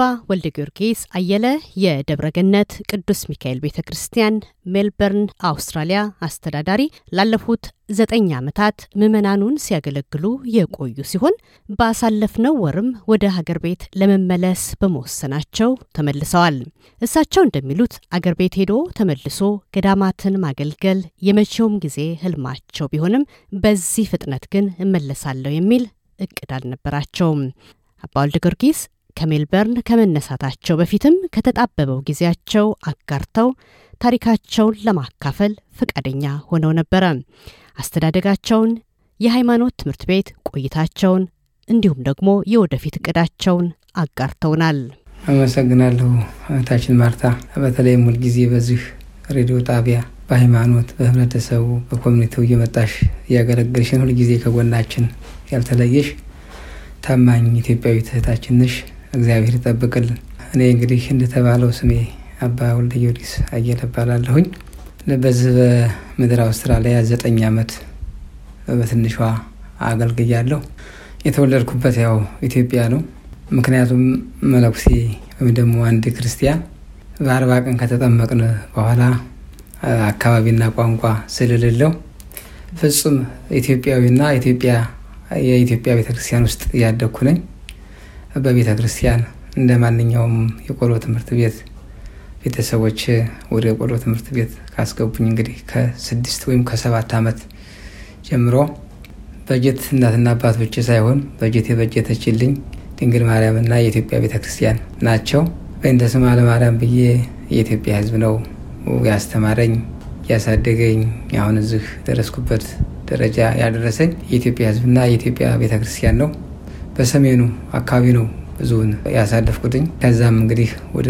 አባ ወልደ ጊዮርጊስ አየለ የደብረገነት ቅዱስ ሚካኤል ቤተ ክርስቲያን ሜልበርን አውስትራሊያ አስተዳዳሪ ላለፉት ዘጠኝ ዓመታት ምዕመናኑን ሲያገለግሉ የቆዩ ሲሆን ባሳለፍነው ወርም ወደ ሀገር ቤት ለመመለስ በመወሰናቸው ተመልሰዋል። እሳቸው እንደሚሉት አገር ቤት ሄዶ ተመልሶ ገዳማትን ማገልገል የመቼውም ጊዜ ህልማቸው ቢሆንም በዚህ ፍጥነት ግን እመለሳለሁ የሚል እቅድ አልነበራቸውም። አባ ወልደ ጊዮርጊስ ከሜልበርን ከመነሳታቸው በፊትም ከተጣበበው ጊዜያቸው አጋርተው ታሪካቸውን ለማካፈል ፈቃደኛ ሆነው ነበረ። አስተዳደጋቸውን፣ የሃይማኖት ትምህርት ቤት ቆይታቸውን እንዲሁም ደግሞ የወደፊት እቅዳቸውን አጋርተውናል። አመሰግናለሁ እህታችን ማርታ። በተለይም ሁልጊዜ በዚህ ሬዲዮ ጣቢያ በሃይማኖት በህብረተሰቡ፣ በኮሚኒቲው እየመጣሽ እያገለገልሽን ሁልጊዜ ከጎናችን ያልተለየሽ ታማኝ ኢትዮጵያዊት እህታችን ነሽ። እግዚአብሔር ይጠብቅልን። እኔ እንግዲህ እንደተባለው ስሜ አባ ወልደ ጊዮርጊስ አየለ እባላለሁኝ። በዚህ በምድር አውስትራሊያ ዘጠኝ ዓመት በትንሿ አገልግያለሁ። የተወለድኩበት ያው ኢትዮጵያ ነው። ምክንያቱም መለኩሴ ወይም ደግሞ አንድ ክርስቲያን በአርባ ቀን ከተጠመቅን በኋላ አካባቢና ቋንቋ ስለሌለው ፍጹም ኢትዮጵያዊና ኢትዮጵያ የኢትዮጵያ ቤተክርስቲያን ውስጥ ያደግኩ ነኝ። በቤተ ክርስቲያን እንደ ማንኛውም የቆሎ ትምህርት ቤት ቤተሰቦች ወደ የቆሎ ትምህርት ቤት ካስገቡኝ እንግዲህ ከስድስት ወይም ከሰባት ዓመት ጀምሮ በጀት እናትና አባት ብቻ ሳይሆን በጀት የበጀተችልኝ ድንግል ማርያምና የኢትዮጵያ ቤተ ክርስቲያን ናቸው። በእንተ ስማ ለማርያም ብዬ የኢትዮጵያ ሕዝብ ነው ያስተማረኝ ያሳደገኝ፣ አሁን እዚህ ደረስኩበት ደረጃ ያደረሰኝ የኢትዮጵያ ሕዝብና የኢትዮጵያ ቤተ ክርስቲያን ነው። በሰሜኑ አካባቢ ነው ብዙውን ያሳለፍኩትኝ። ከዛም እንግዲህ ወደ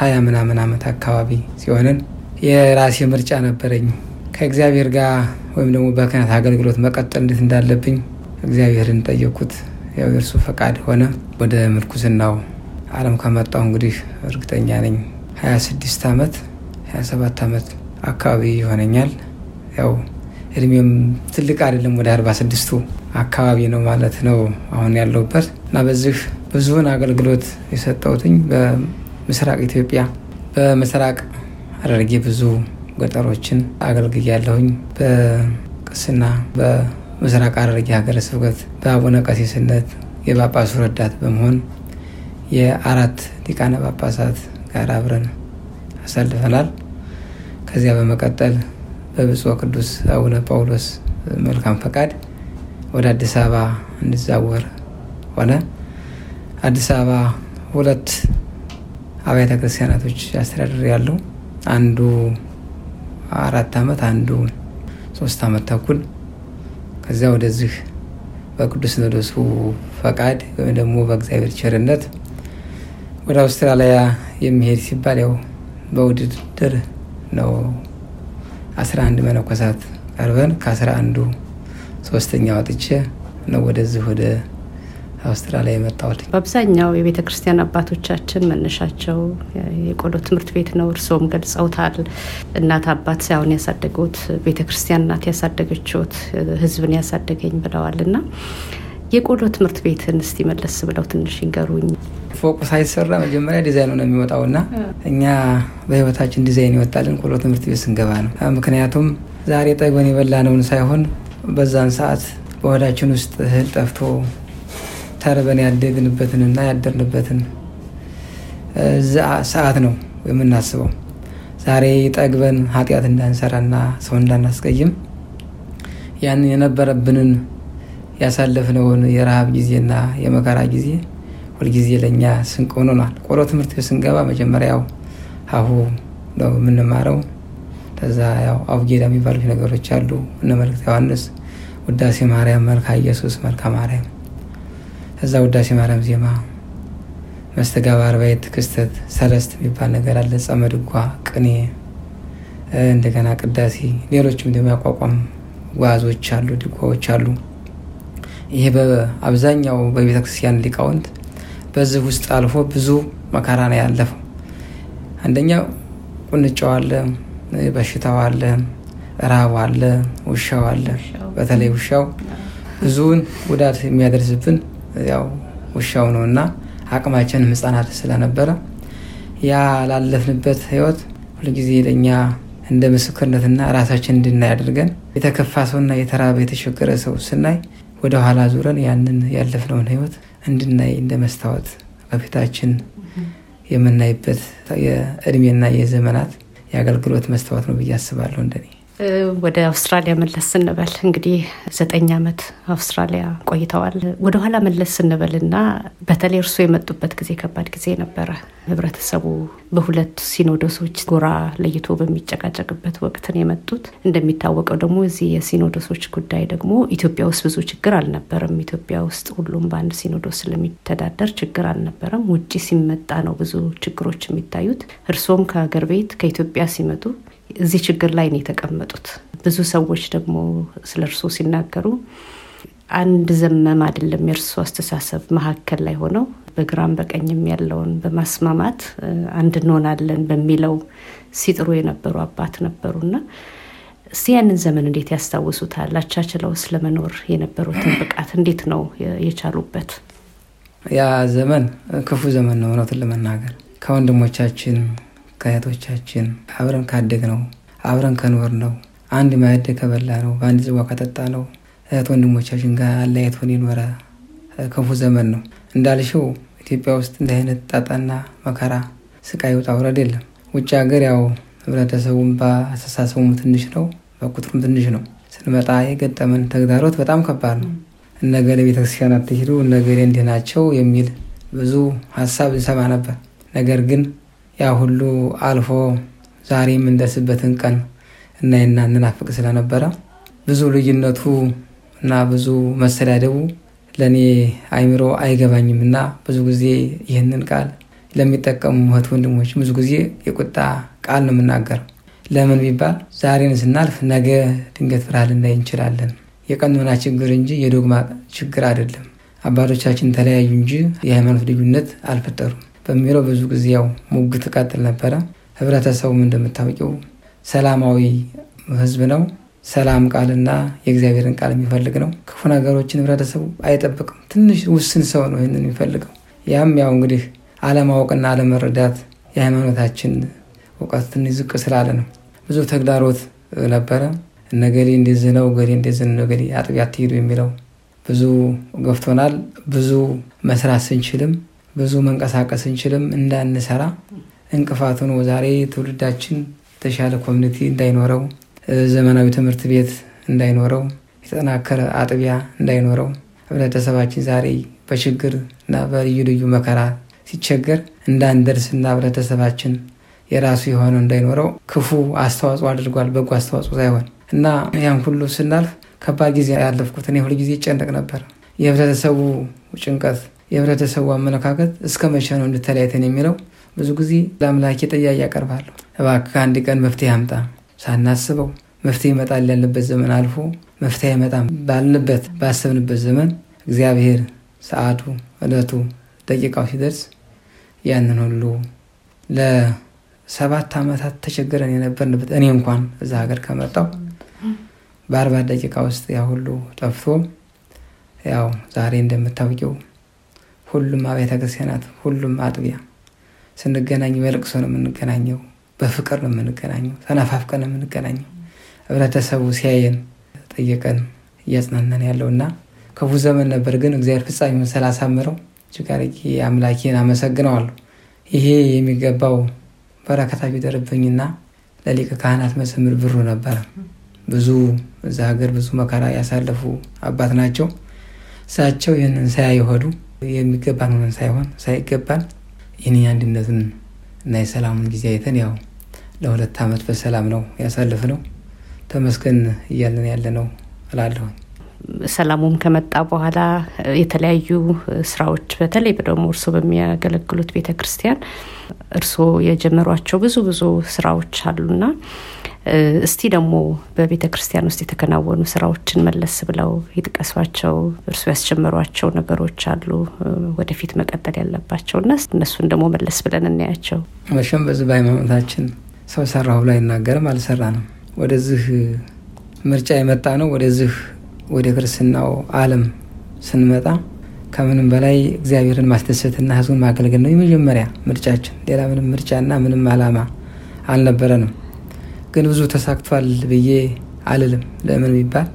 ሀያ ምናምን ዓመት አካባቢ ሲሆንን የራሴ ምርጫ ነበረኝ ከእግዚአብሔር ጋር ወይም ደግሞ በክህነት አገልግሎት መቀጠል እንዴት እንዳለብኝ እግዚአብሔርን ጠየቅኩት። ያው የእርሱ ፈቃድ ሆነ። ወደ ምርኩስናው ዓለም ከመጣሁ እንግዲህ እርግጠኛ ነኝ 26 ዓመት 27 ዓመት አካባቢ ይሆነኛል ያው እድሜም ትልቅ አይደለም፣ ወደ 46ቱ አካባቢ ነው ማለት ነው አሁን ያለውበት እና በዚህ ብዙውን አገልግሎት የሰጠሁትኝ በምስራቅ ኢትዮጵያ በምስራቅ ሐረርጌ ብዙ ገጠሮችን አገልግያለሁኝ በቅስና በምስራቅ ሐረርጌ ሀገረ ስብከት በአቡነ ቀሴስነት የጳጳሱ ረዳት በመሆን የአራት ሊቃነ ጳጳሳት ጋር አብረን አሳልፈናል። ከዚያ በመቀጠል በብፁዕ ቅዱስ አቡነ ጳውሎስ መልካም ፈቃድ ወደ አዲስ አበባ እንዲዛወር ሆነ። አዲስ አበባ ሁለት አብያተ ክርስቲያናቶች ያስተዳድር ያለው አንዱ አራት ዓመት አንዱ ሶስት ዓመት ተኩል ከዚያ ወደዚህ በቅዱስ ሲኖዶሱ ፈቃድ ወይም ደግሞ በእግዚአብሔር ቸርነት ወደ አውስትራሊያ የሚሄድ ሲባል ያው በውድድር ነው 11 መነኮሳት ቀርበን ከአስራ አንዱ ሶስተኛ ወጥቼ ነው ወደዚህ ወደ አውስትራሊያ የመጣሁት። በአብዛኛው የቤተ ክርስቲያን አባቶቻችን መነሻቸው የቆሎ ትምህርት ቤት ነው። እርስዎም ገልጸውታል። እናት አባት ሳይሆን ያሳደጉት ቤተ ክርስቲያን ናት ያሳደገችት ህዝብን ያሳደገኝ ብለዋል። እና የቆሎ ትምህርት ቤትን እስቲ መለስ ብለው ትንሽ ይንገሩኝ። ፎቁ ሳይሰራ መጀመሪያ ዲዛይኑ ነው የሚወጣው እና እኛ በህይወታችን ዲዛይን ይወጣልን ቆሎ ትምህርት ቤት ስንገባ ነው። ምክንያቱም ዛሬ ጠግበን የበላነውን ሳይሆን በዛን ሰዓት በሆዳችን ውስጥ እህል ጠፍቶ ተርበን ያደግንበትንና ያደርንበትን ሰዓት ነው የምናስበው። ዛሬ ጠግበን ኃጢአት እንዳንሰራና ሰው እንዳናስቀይም ያንን የነበረብንን ያሳለፍነውን የረሃብ ጊዜና የመከራ ጊዜ ሁልጊዜ ለእኛ ስንቅ ሆኖናል። ቆሎ ትምህርት ስንገባ መጀመሪያ ያው ሀሁ ነው የምንማረው። ከዛ ያው አቡጌዳ የሚባሉ ነገሮች አሉ። እነ መልክተ ዮሐንስ፣ ውዳሴ ማርያም፣ መልካ ኢየሱስ፣ መልካ ማርያም፣ ከዛ ውዳሴ ማርያም ዜማ፣ መስተጋባ በየት ክስተት፣ ሰለስት የሚባል ነገር አለ፣ ጸመ ቅኔ፣ እንደገና ቅዳሴ፣ ሌሎችም ደግሞ ያቋቋም ጓዞች አሉ፣ ድጓዎች አሉ። ይሄ በአብዛኛው በቤተክርስቲያን ሊቃውንት በዚህ ውስጥ አልፎ ብዙ መከራ ነው ያለፈው። አንደኛ ቁንጫው አለ፣ በሽታው አለ፣ ራብ አለ፣ ውሻው አለ። በተለይ ውሻው ብዙውን ጉዳት የሚያደርስብን ያው ውሻው ነው እና አቅማችን ህፃናት ስለነበረ ያ ላለፍንበት ህይወት ሁልጊዜ ለእኛ እንደ ምስክርነትና ራሳችን እንድናይ አድርገን የተከፋ ሰውና የተራበ የተቸገረ ሰው ስናይ ወደኋላ ዙረን ያንን ያለፍነውን ህይወት እንድናይ እንደ መስታወት በፊታችን የምናይበት የእድሜና የዘመናት የአገልግሎት መስታወት ነው ብዬ አስባለሁ እንደኔ ወደ አውስትራሊያ መለስ ስንበል እንግዲህ ዘጠኝ ዓመት አውስትራሊያ ቆይተዋል። ወደኋላ መለስ ስንበል እና በተለይ እርሶ የመጡበት ጊዜ ከባድ ጊዜ ነበረ። ህብረተሰቡ በሁለት ሲኖዶሶች ጎራ ለይቶ በሚጨቃጨቅበት ወቅት ነው የመጡት። እንደሚታወቀው ደግሞ እዚህ የሲኖዶሶች ጉዳይ ደግሞ ኢትዮጵያ ውስጥ ብዙ ችግር አልነበረም። ኢትዮጵያ ውስጥ ሁሉም በአንድ ሲኖዶስ ስለሚተዳደር ችግር አልነበረም። ውጭ ሲመጣ ነው ብዙ ችግሮች የሚታዩት። እርሶም ከሀገር ቤት ከኢትዮጵያ ሲመጡ እዚህ ችግር ላይ ነው የተቀመጡት። ብዙ ሰዎች ደግሞ ስለ እርሶ ሲናገሩ አንድ ዘመም አይደለም የእርሶ አስተሳሰብ፣ መካከል ላይ ሆነው በግራም በቀኝም ያለውን በማስማማት አንድ እንሆናለን በሚለው ሲጥሩ የነበሩ አባት ነበሩና እስቲ ያንን ዘመን እንዴት ያስታውሱታል? አቻችለው ስለመኖር የነበሩትን ብቃት እንዴት ነው የቻሉበት? ያ ዘመን ክፉ ዘመን ነው። እውነትን ለመናገር ከወንድሞቻችን ከእህቶቻችን አብረን ካደግ ነው አብረን ከኖር ነው አንድ ማዕድ ከበላ ነው በአንድ ጽዋ ከጠጣ ነው እህት ወንድሞቻችን ጋር አለያየቶን የኖረ ክፉ ዘመን ነው። እንዳልሽው ኢትዮጵያ ውስጥ እንደ አይነት ጣጣና መከራ ስቃይ ውጣ ውረድ የለም። ውጭ ሀገር ያው ህብረተሰቡም በአስተሳሰቡም ትንሽ ነው፣ በቁጥሩም ትንሽ ነው። ስንመጣ የገጠመን ተግዳሮት በጣም ከባድ ነው። እነገሌ ቤተክርስቲያን አትሂዱ፣ እነገሌ እንዲህ ናቸው የሚል ብዙ ሀሳብ እንሰማ ነበር ነገር ግን ያ ሁሉ አልፎ ዛሬ የምንደርስበትን ቀን እናይና እንናፍቅ ስለነበረ ብዙ ልዩነቱ እና ብዙ መሰዳደቡ ለእኔ አይምሮ አይገባኝም እና ብዙ ጊዜ ይህንን ቃል ለሚጠቀሙ እህት ወንድሞች ብዙ ጊዜ የቁጣ ቃል ነው የምናገረው። ለምን ቢባል ዛሬን ስናልፍ ነገ ድንገት ብርሃን ልናይ እንችላለን። የቀኖና ችግር እንጂ የዶግማ ችግር አይደለም። አባቶቻችን ተለያዩ እንጂ የሃይማኖት ልዩነት አልፈጠሩም። በሚለው ብዙ ጊዜ ያው ሙግት ነበረ። ህብረተሰቡም እንደምታውቂው ሰላማዊ ህዝብ ነው። ሰላም ቃልና የእግዚአብሔርን ቃል የሚፈልግ ነው። ክፉ ነገሮችን ህብረተሰቡ አይጠብቅም። ትንሽ ውስን ሰው ነው ይህንን የሚፈልገው። ያም ያው እንግዲህ አለማወቅና አለመረዳት የሃይማኖታችን እውቀት ትንሽ ዝቅ ስላለ ነው። ብዙ ተግዳሮት ነበረ። እነገሌ እንደዚህ ነው፣ ገሌ እንደዚህ ነው፣ ገሌ አጥቢያ አትሄዱ የሚለው ብዙ ገፍቶናል። ብዙ መስራት ስንችልም ብዙ መንቀሳቀስ እንችልም እንዳንሰራ እንቅፋት ሆኖ ዛሬ ትውልዳችን የተሻለ ኮሚኒቲ እንዳይኖረው፣ ዘመናዊ ትምህርት ቤት እንዳይኖረው፣ የተጠናከረ አጥቢያ እንዳይኖረው ህብረተሰባችን ዛሬ በችግር እና በልዩ ልዩ መከራ ሲቸገር እንዳንደርስ እና ህብረተሰባችን የራሱ የሆነ እንዳይኖረው ክፉ አስተዋጽኦ አድርጓል፣ በጎ አስተዋጽኦ ሳይሆን እና ያን ሁሉ ስናልፍ ከባድ ጊዜ ያለፍኩት እኔ ሁልጊዜ ይጨነቅ ነበር። የህብረተሰቡ ጭንቀት የህብረተሰቡ አመለካከት እስከ መቼ ነው እንድተለያየተን የሚለው? ብዙ ጊዜ ለአምላኬ ጥያቄ ያቀርባለሁ። እባክህ አንድ ቀን መፍትሄ አምጣ። ሳናስበው መፍትሄ ይመጣል ያለበት ዘመን አልፎ መፍትሄ አይመጣም ባልንበት ባሰብንበት ዘመን እግዚአብሔር ሰዓቱ፣ እለቱ፣ ደቂቃው ሲደርስ ያንን ሁሉ ለሰባት ዓመታት ተቸግረን የነበርንበት እኔ እንኳን እዛ ሀገር ከመጣው በአርባ ደቂቃ ውስጥ ያ ሁሉ ጠፍቶ ያው ዛሬ እንደምታውቂው ሁሉም አብያተ ክርስቲያናት፣ ሁሉም አጥቢያ ስንገናኝ በልቅሶ ነው የምንገናኘው፣ በፍቅር ነው የምንገናኘው፣ ተነፋፍቀን ነው የምንገናኘው። ህብረተሰቡ ሲያየን ጠየቀን እያጽናናን ያለው እና ክፉ ዘመን ነበር፣ ግን እግዚአብሔር ፍጻሜውን ስላሳምረው ጅጋር አምላኬን አመሰግነዋለሁ። ይሄ የሚገባው በረከታ ቢደርብኝና ለሊቀ ካህናት መዘምር ብሩ ነበረ። ብዙ እዛ ሀገር ብዙ መከራ ያሳለፉ አባት ናቸው። እሳቸው ይህንን ሳያይ ሆዱ የሚገባን ሆነን ሳይሆን ሳይገባን ይህን አንድነትን እና የሰላሙን ጊዜ አይተን ያው ለሁለት ዓመት በሰላም ነው ያሳልፍ ነው ተመስገን እያለን ያለ ነው እላለሁኝ። ሰላሙም ከመጣ በኋላ የተለያዩ ስራዎች በተለይ ደግሞ እርስዎ በሚያገለግሉት ቤተ ክርስቲያን እርስዎ የጀመሯቸው ብዙ ብዙ ስራዎች አሉና እስቲ ደግሞ በቤተ ክርስቲያን ውስጥ የተከናወኑ ስራዎችን መለስ ብለው ይጥቀሷቸው። እርሱ ያስጀመሯቸው ነገሮች አሉ ወደፊት መቀጠል ያለባቸው እና እነሱን ደግሞ መለስ ብለን እናያቸው። መቼም በዚህ በሃይማኖታችን ሰው ሰራሁ ብሎ አይናገርም። አልሰራንም። ወደዚህ ምርጫ የመጣ ነው። ወደዚህ ወደ ክርስትናው አለም ስንመጣ ከምንም በላይ እግዚአብሔርን ማስደሰትና ህዝቡን ማገልገል ነው የመጀመሪያ ምርጫችን። ሌላ ምንም ምርጫና ምንም አላማ አልነበረንም። ግን ብዙ ተሳክቷል ብዬ አልልም። ለምን ቢባል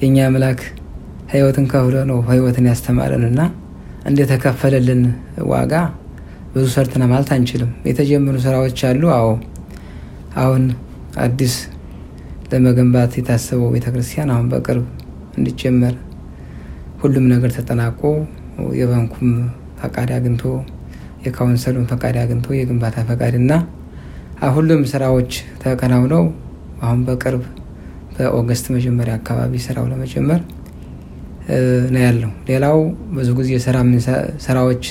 የእኛ አምላክ ህይወትን ከፍሎ ነው ህይወትን ያስተማረን እና እንደተከፈለልን ዋጋ ብዙ ሰርተናል ማለት አንችልም። የተጀመሩ ስራዎች አሉ። አዎ አሁን አዲስ ለመገንባት የታሰበው ቤተክርስቲያን አሁን በቅርብ እንዲጀመር ሁሉም ነገር ተጠናቆ የባንኩም ፈቃድ አግኝቶ የካውንሰሉን ፈቃድ አግኝቶ የግንባታ ፈቃድ እና ሁሉም ስራዎች ተከናውነው አሁን በቅርብ በኦገስት መጀመሪያ አካባቢ ስራው ለመጀመር ነው ያለው። ሌላው ብዙ ጊዜ ስራዎች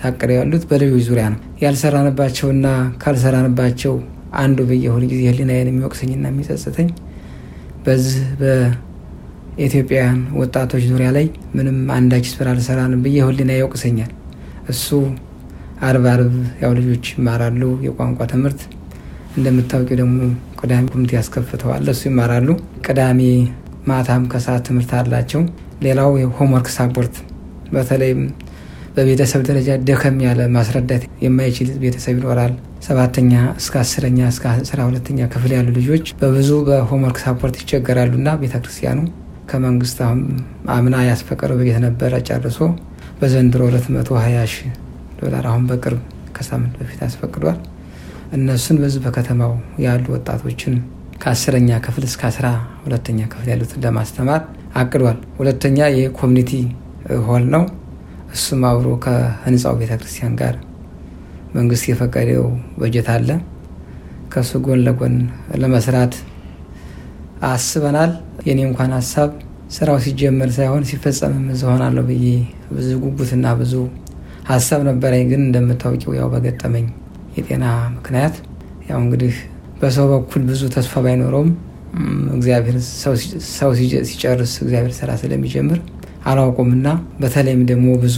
ታቅደው ያሉት በልጆች ዙሪያ ነው። ያልሰራንባቸውና ካልሰራንባቸው አንዱ ብዬ ጊዜ ህሊናዬን የሚወቅሰኝና የሚጸጽተኝ በዚህ በኢትዮጵያውያን ወጣቶች ዙሪያ ላይ ምንም አንዳች ስራ አልሰራንም ብዬ ህሊናዬ ይወቅሰኛል። እሱ አርብ አርብ ያው ልጆች ይማራሉ የቋንቋ ትምህርት እንደምታውቂው ደግሞ ቅዳሜ ኮሚቴ ያስከፍተዋል። እሱ ይማራሉ። ቅዳሜ ማታም ከሰዓት ትምህርት አላቸው። ሌላው የሆምወርክ ሳፖርት በተለይም በቤተሰብ ደረጃ ደከም ያለ ማስረዳት የማይችል ቤተሰብ ይኖራል። ሰባተኛ እስከ አስረኛ እስከ አስራ ሁለተኛ ክፍል ያሉ ልጆች በብዙ በሆምወርክ ሳፖርት ይቸገራሉና ቤተክርስቲያኑ ከመንግስት አሁን አምና ያስፈቀደው በቤት ነበረ ጨርሶ በዘንድሮ 220 ሺህ ዶላር አሁን በቅርብ ከሳምንት በፊት አስፈቅዷል። እነሱን በዚህ በከተማው ያሉ ወጣቶችን ከአስረኛ ክፍል እስከ አስራ ሁለተኛ ክፍል ያሉትን ለማስተማር አቅዷል። ሁለተኛ የኮሚኒቲ ሆል ነው። እሱም አብሮ ከህንፃው ቤተክርስቲያን ጋር መንግስት የፈቀደው በጀት አለ። ከእሱ ጎን ለጎን ለመስራት አስበናል። የኔ እንኳን ሀሳብ ስራው ሲጀመር ሳይሆን ሲፈጸምም እዚያ ብዬ ብዙ ጉጉትና ብዙ ሀሳብ ነበረኝ። ግን እንደምታውቂው ያው በገጠመኝ የጤና ምክንያት ያው እንግዲህ በሰው በኩል ብዙ ተስፋ ባይኖረውም እግዚአብሔር ሰው ሲጨርስ እግዚአብሔር ስራ ስለሚጀምር አላውቁምና በተለይም ደግሞ ብዙ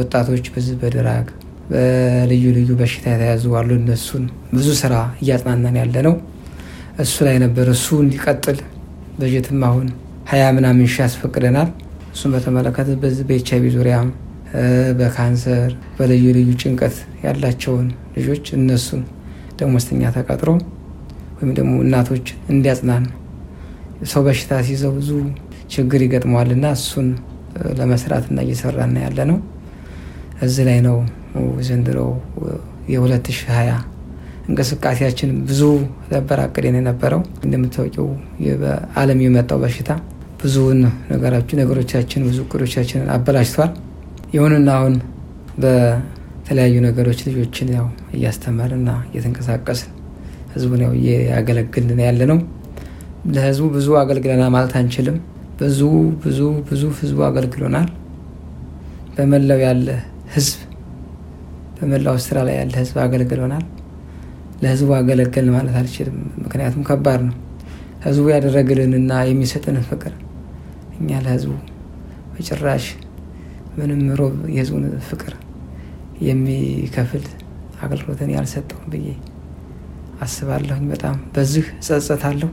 ወጣቶች በዚህ በድራግ በልዩ ልዩ በሽታ የተያዙ አሉ። እነሱን ብዙ ስራ እያጽናናን ያለ ነው። እሱ ላይ ነበር እሱ እንዲቀጥል በጀትም አሁን ሀያ ምናምን ያስፈቅደናል። እሱን በተመለከተ በዚህ በኤች አይቪ ዙሪያ በካንሰር በልዩ ልዩ ጭንቀት ያላቸውን ልጆች እነሱን ደሞዝተኛ ተቀጥሮ ወይም ደግሞ እናቶች እንዲያጽናን ሰው በሽታ ሲይዘው ብዙ ችግር ይገጥመዋልና እሱን ለመስራትና እየሰራና ያለ ነው። እዚህ ላይ ነው ዘንድሮ የ2020 እንቅስቃሴያችን ብዙ ነበር አቅደን የነበረው። እንደምታውቂው በዓለም የመጣው በሽታ ብዙውን ነገሮቻችን ብዙ እቅዶቻችንን አበላሽቷል። ይሁንና አሁን በተለያዩ ነገሮች ልጆችን ያው እያስተማርና እየተንቀሳቀስን ህዝቡን ያው እያገለግልን ያለ ነው። ለህዝቡ ብዙ አገልግለና ማለት አንችልም። ብዙ ብዙ ብዙ ህዝቡ አገልግሎናል። በመላው ያለ ህዝብ በመላው ስራ ላይ ያለ ህዝብ አገልግሎናል። ለህዝቡ አገለገልን ማለት አልችልም። ምክንያቱም ከባድ ነው። ህዝቡ ያደረግልንና የሚሰጥን ፍቅር እኛ ለህዝቡ በጭራሽ ምንም ሮብ የህዝቡን ፍቅር የሚከፍል አገልግሎትን ያልሰጠውን ብዬ አስባለሁኝ። በጣም በዚህ ጸጸታለሁ።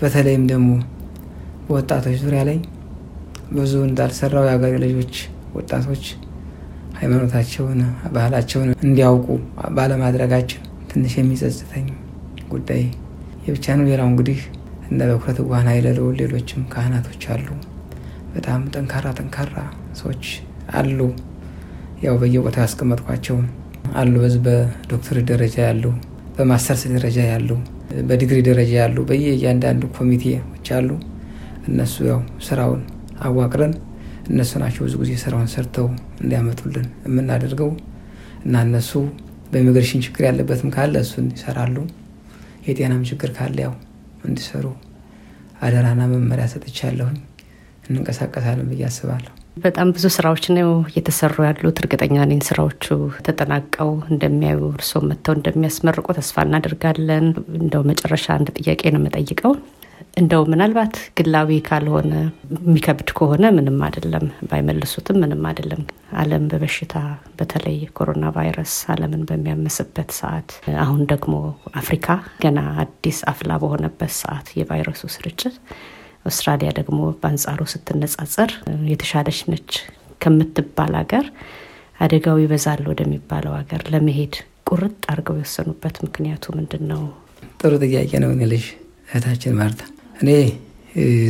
በተለይም ደግሞ በወጣቶች ዙሪያ ላይ ብዙ እንዳልሰራው የአገር ልጆች ወጣቶች ሃይማኖታቸውን፣ ባህላቸውን እንዲያውቁ ባለማድረጋችን ትንሽ የሚጸጽተኝ ጉዳይ የብቻ ነው። ሌላው እንግዲህ እንደ በኩረት ዋህን አይለሉ ሌሎችም ካህናቶች አሉ። በጣም ጠንካራ ጠንካራ ሰዎች አሉ። ያው በየቦታው ያስቀመጥኳቸው አሉ። በዚህ በዶክተር ደረጃ ያሉ፣ በማስተርስ ደረጃ ያሉ፣ በዲግሪ ደረጃ ያሉ በየእያንዳንዱ ኮሚቴዎች አሉ። እነሱ ያው ስራውን አዋቅረን እነሱ ናቸው ብዙ ጊዜ ስራውን ሰርተው እንዲያመጡልን የምናደርገው እና እነሱ በኢሚግሬሽን ችግር ያለበትም ካለ እሱን ይሰራሉ። የጤናም ችግር ካለ ያው እንዲሰሩ አደራና መመሪያ ሰጥቻለሁኝ። እንንቀሳቀሳለን ብዬ አስባለሁ። በጣም ብዙ ስራዎች ነው እየተሰሩ ያሉት። እርግጠኛ ነኝ ስራዎቹ ተጠናቀው እንደሚያዩ እርሶ መጥተው እንደሚያስመርቁ ተስፋ እናደርጋለን። እንደው መጨረሻ አንድ ጥያቄ ነው የምጠይቀው። እንደው ምናልባት ግላዊ ካልሆነ የሚከብድ ከሆነ ምንም አይደለም፣ ባይመልሱትም ምንም አይደለም። ዓለም በበሽታ በተለይ ኮሮና ቫይረስ ዓለምን በሚያመስበት ሰዓት፣ አሁን ደግሞ አፍሪካ ገና አዲስ አፍላ በሆነበት ሰዓት የቫይረሱ ስርጭት አውስትራሊያ ደግሞ በአንጻሩ ስትነጻጸር የተሻለች ነች ከምትባል ሀገር አደጋው ይበዛል ወደሚባለው ሀገር ለመሄድ ቁርጥ አድርገው የወሰኑበት ምክንያቱ ምንድን ነው? ጥሩ ጥያቄ ነው። ልጅ እህታችን ማርታ፣ እኔ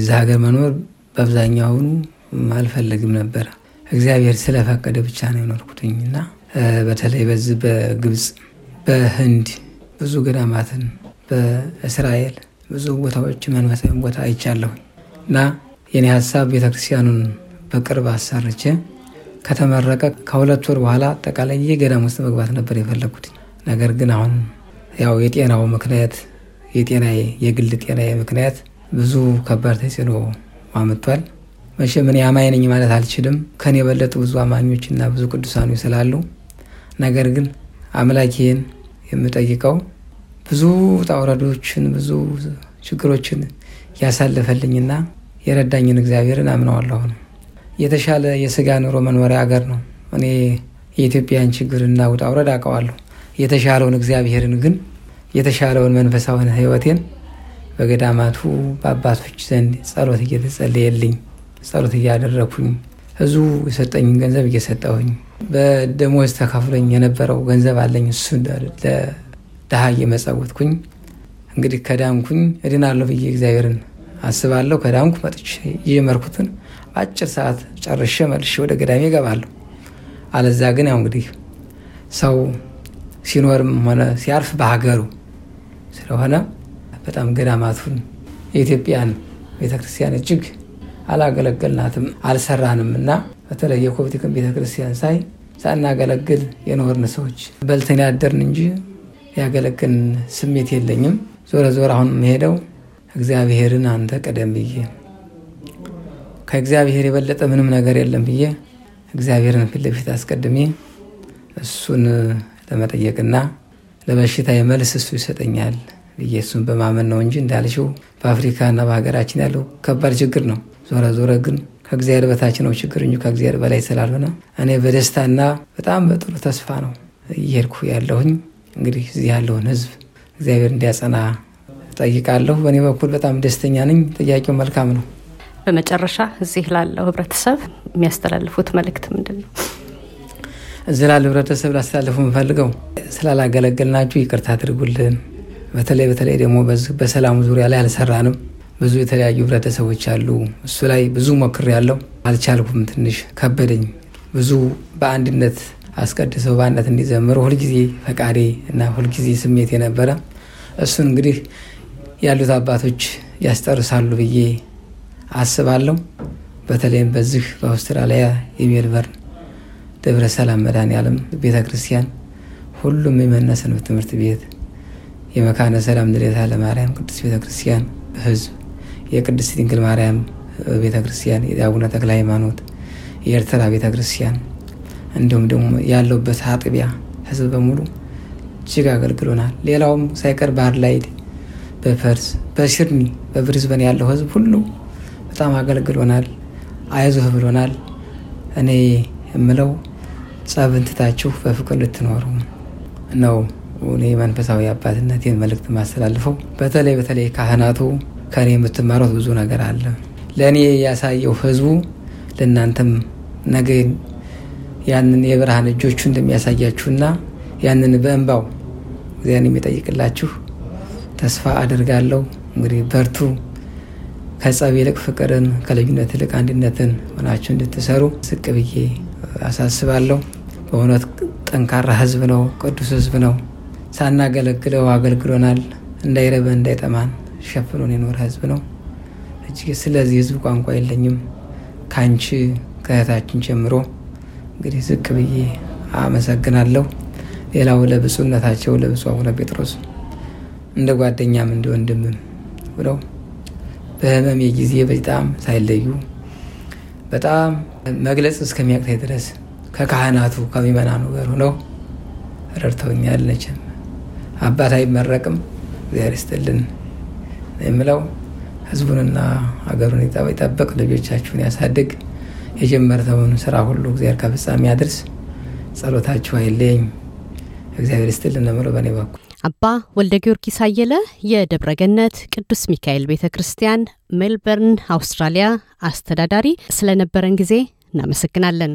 እዛ ሀገር መኖር በአብዛኛውን አልፈልግም ነበር። እግዚአብሔር ስለፈቀደ ብቻ ነው የኖርኩትኝ እና በተለይ በዚህ በግብፅ በህንድ ብዙ ገዳማትን በእስራኤል ብዙ ቦታዎች መንፈሳዊ ቦታ አይቻለሁ እና የኔ ሀሳብ ቤተክርስቲያኑን በቅርብ አሰርቼ ከተመረቀ ከሁለት ወር በኋላ አጠቃላይ የገዳም ውስጥ መግባት ነበር የፈለጉት። ነገር ግን አሁን ያው የጤናው ምክንያት የጤና የግል ጤና ምክንያት ብዙ ከባድ ተጽዕኖ አምጥቷል። መቼ ምን አማኝ ነኝ ማለት አልችልም። ከኔ የበለጡ ብዙ አማኞችና ብዙ ቅዱሳኑ ስላሉ ነገር ግን አምላኬን የምጠይቀው ብዙ ጣውረዶችን ብዙ ችግሮችን ያሳለፈልኝና የረዳኝን እግዚአብሔርን አምነዋለሁ። ነው የተሻለ የስጋ ኑሮ መኖሪያ ሀገር ነው። እኔ የኢትዮጵያን ችግርና ውጣ ውረድ አውቀዋለሁ። የተሻለውን እግዚአብሔርን ግን የተሻለውን መንፈሳዊ ህይወቴን በገዳማቱ በአባቶች ዘንድ ጸሎት እየተጸለየልኝ ጸሎት እያደረኩኝ ህዙ የሰጠኝን ገንዘብ እየሰጠሁኝ በደሞዝ ተካፍሎኝ የነበረው ገንዘብ አለኝ እሱ ድሃ እየመጸወትኩኝ እንግዲህ ከዳንኩኝ እድናለሁ ብዬ እግዚአብሔርን አስባለሁ። ከዳንኩ መጥቼ እየመርኩትን በአጭር ሰዓት ጨርሼ መልሼ ወደ ገዳሜ እገባለሁ። አለዛ ግን ያው እንግዲህ ሰው ሲኖርም ሆነ ሲያርፍ በሀገሩ ስለሆነ በጣም ገዳማቱን የኢትዮጵያን ቤተክርስቲያን እጅግ አላገለገልናትም፣ አልሰራንም እና በተለይ የኮፕቲክን ቤተክርስቲያን ሳይ ሳናገለግል የኖርን ሰዎች በልተን ያደርን እንጂ ያገለግን ስሜት የለኝም። ዞረ ዞረ አሁን የምሄደው እግዚአብሔርን አንተ ቀደም ብዬ ከእግዚአብሔር የበለጠ ምንም ነገር የለም ብዬ እግዚአብሔርን ፊት ለፊት አስቀድሜ እሱን ለመጠየቅና ለበሽታ የመልስ እሱ ይሰጠኛል ብዬ እሱን በማመን ነው እንጂ እንዳልሽው በአፍሪካና በሀገራችን ያለው ከባድ ችግር ነው። ዞረ ዞረ ግን ከእግዚአብሔር በታች ነው ችግር እንጂ ከእግዚአብሔር በላይ ስላልሆነ እኔ በደስታና በጣም በጥሩ ተስፋ ነው እየሄድኩ ያለሁኝ። እንግዲህ እዚህ ያለውን ህዝብ እግዚአብሔር እንዲያጸና ጠይቃለሁ። በእኔ በኩል በጣም ደስተኛ ነኝ። ጥያቄው መልካም ነው። በመጨረሻ እዚህ ላለው ህብረተሰብ የሚያስተላልፉት መልእክት ምንድን ነው? እዚህ ላለ ህብረተሰብ ላስተላልፉ የምፈልገው ስላላገለገልናችሁ ይቅርታ አድርጉልን። በተለይ በተለይ ደግሞ በሰላሙ ዙሪያ ላይ አልሰራንም። ብዙ የተለያዩ ህብረተሰቦች አሉ። እሱ ላይ ብዙ ሞክሬያለሁ፣ አልቻልኩም። ትንሽ ከበደኝ። ብዙ በአንድነት አስቀድሰው በአንድነት እንዲዘምሩ ሁልጊዜ ፈቃዴ እና ሁልጊዜ ስሜት የነበረ እሱን እንግዲህ ያሉት አባቶች ያስጠርሳሉ ብዬ አስባለሁ። በተለይም በዚህ በአውስትራሊያ የሜልበርን ደብረ ሰላም መድኃኔዓለም ቤተ ክርስቲያን ሁሉም የመነሰን ትምህርት ቤት የመካነ ሰላም ልደታ ለማርያም ቅዱስ ቤተ ክርስቲያን ህዝብ የቅድስት ድንግል ማርያም ቤተ ክርስቲያን የአቡነ ተክለ ሃይማኖት የኤርትራ ቤተ ክርስቲያን እንዲሁም ደግሞ ያለውበት አጥቢያ ህዝብ በሙሉ እጅግ አገልግሎናል። ሌላውም ሳይቀር በአድላይድ፣ በፐርስ፣ በሲድኒ፣ በብሪዝበን ያለው ህዝብ ሁሉ በጣም አገልግሎናል፣ አይዞህ ብሎናል። እኔ የምለው ጸብን ትታችሁ በፍቅር ልትኖሩ ነው። እኔ መንፈሳዊ አባትነቴን መልእክት ማስተላልፈው በተለይ በተለይ ካህናቱ ከኔ የምትማሩት ብዙ ነገር አለ። ለእኔ ያሳየው ህዝቡ ለእናንተም ነገ ያንን የብርሃን እጆቹ እንደሚያሳያችሁና ያንን በእንባው እግዚአብሔርን የሚጠይቅላችሁ ተስፋ አድርጋለሁ እንግዲህ በርቱ። ከጸብ ይልቅ ፍቅርን፣ ከልዩነት ይልቅ አንድነትን ሆናችሁ እንድትሰሩ ዝቅ ብዬ አሳስባለሁ። በእውነት ጠንካራ ህዝብ ነው፣ ቅዱስ ህዝብ ነው። ሳናገለግለው አገልግሎናል። እንዳይረበን እንዳይጠማን ሸፍኖን የኖረ ህዝብ ነው። እጅግ ስለዚህ ህዝብ ቋንቋ የለኝም ከአንቺ ከእህታችን ጀምሮ እንግዲህ ዝቅ ብዬ አመሰግናለሁ። ሌላው ለብፁዕነታቸው ለብፁዕ አቡነ ጴጥሮስ እንደ ጓደኛም እንደ ወንድምም ብለው በህመም ጊዜ በጣም ሳይለዩ በጣም መግለጽ እስከሚያቅታይ ድረስ ከካህናቱ ከሚመናኑ ጋር ሆነው ረድተውኛል። ነችም አባት አይመረቅም። እግዚአብሔር ይስጥልን የምለው ህዝቡንና ሀገሩን ይጠብቅ፣ ልጆቻችሁን ያሳድግ። የጀመርተውን ስራ ሁሉ እግዚአብሔር ከፍጻሜ ያድርስ። ጸሎታችሁ አይለኝ። እግዚአብሔር ስትልን ለምሮ በእኔ በኩል አባ ወልደ ጊዮርጊስ አየለ የደብረገነት ቅዱስ ሚካኤል ቤተ ክርስቲያን ሜልበርን አውስትራሊያ አስተዳዳሪ ስለነበረን ጊዜ እናመሰግናለን።